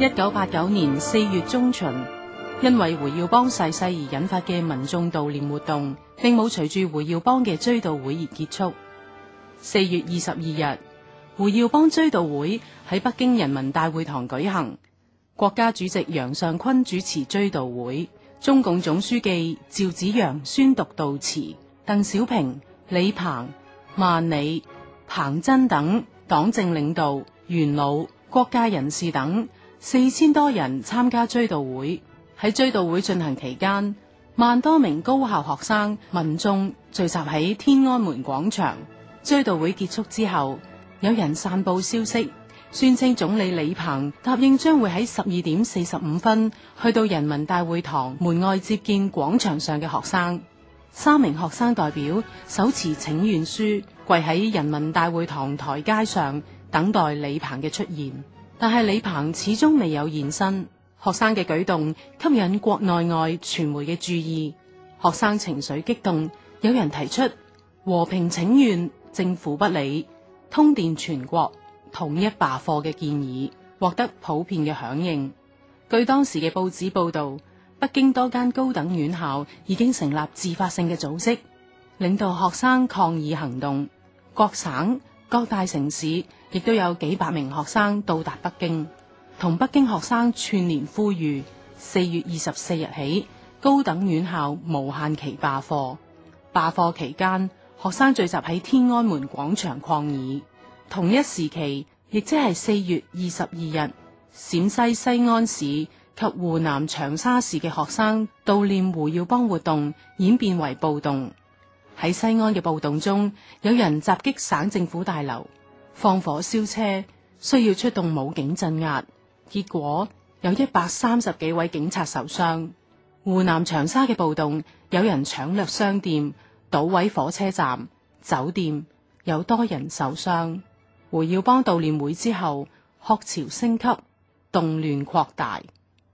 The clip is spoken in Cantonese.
一九八九年四月中旬，因為胡耀邦逝世而引發嘅民眾悼念活動，並冇隨住胡耀邦嘅追悼會而結束。四月二十二日，胡耀邦追悼會喺北京人民大會堂舉行，國家主席楊尚昆主持追悼會，中共總書記趙紫陽宣讀悼詞，鄧小平、李鵬、萬里、彭真等黨政領導、元老、國家人士等。四千多人參加追悼會，喺追悼會進行期間，萬多名高校學生、民眾聚集喺天安門廣場。追悼會結束之後，有人散布消息，宣稱總理李鵬答應將會喺十二點四十五分去到人民大會堂門外接見廣場上嘅學生。三名學生代表手持請願書跪喺人民大會堂台階上，等待李鵬嘅出現。但係李鵬始終未有現身，學生嘅舉動吸引國內外傳媒嘅注意。學生情緒激動，有人提出和平請願，政府不理，通電全國，統一罷課嘅建議，獲得普遍嘅響應。據當時嘅報紙報道，北京多間高等院校已經成立自發性嘅組織，領導學生抗議行動，各省。各大城市亦都有幾百名學生到達北京，同北京學生串聯呼籲，四月二十四日起高等院校無限期罷課。罷課期間，學生聚集喺天安門廣場抗議。同一時期，亦即係四月二十二日，陝西西安市及湖南長沙市嘅學生悼念胡耀邦活動演變為暴動。喺西安嘅暴動中，有人襲擊省政府大樓，放火燒車，需要出動武警鎮壓，結果有一百三十幾位警察受傷。湖南長沙嘅暴動，有人搶掠商店、搗毀火車站、酒店，有多人受傷。胡耀邦悼念會之後，學潮升級，動亂擴大。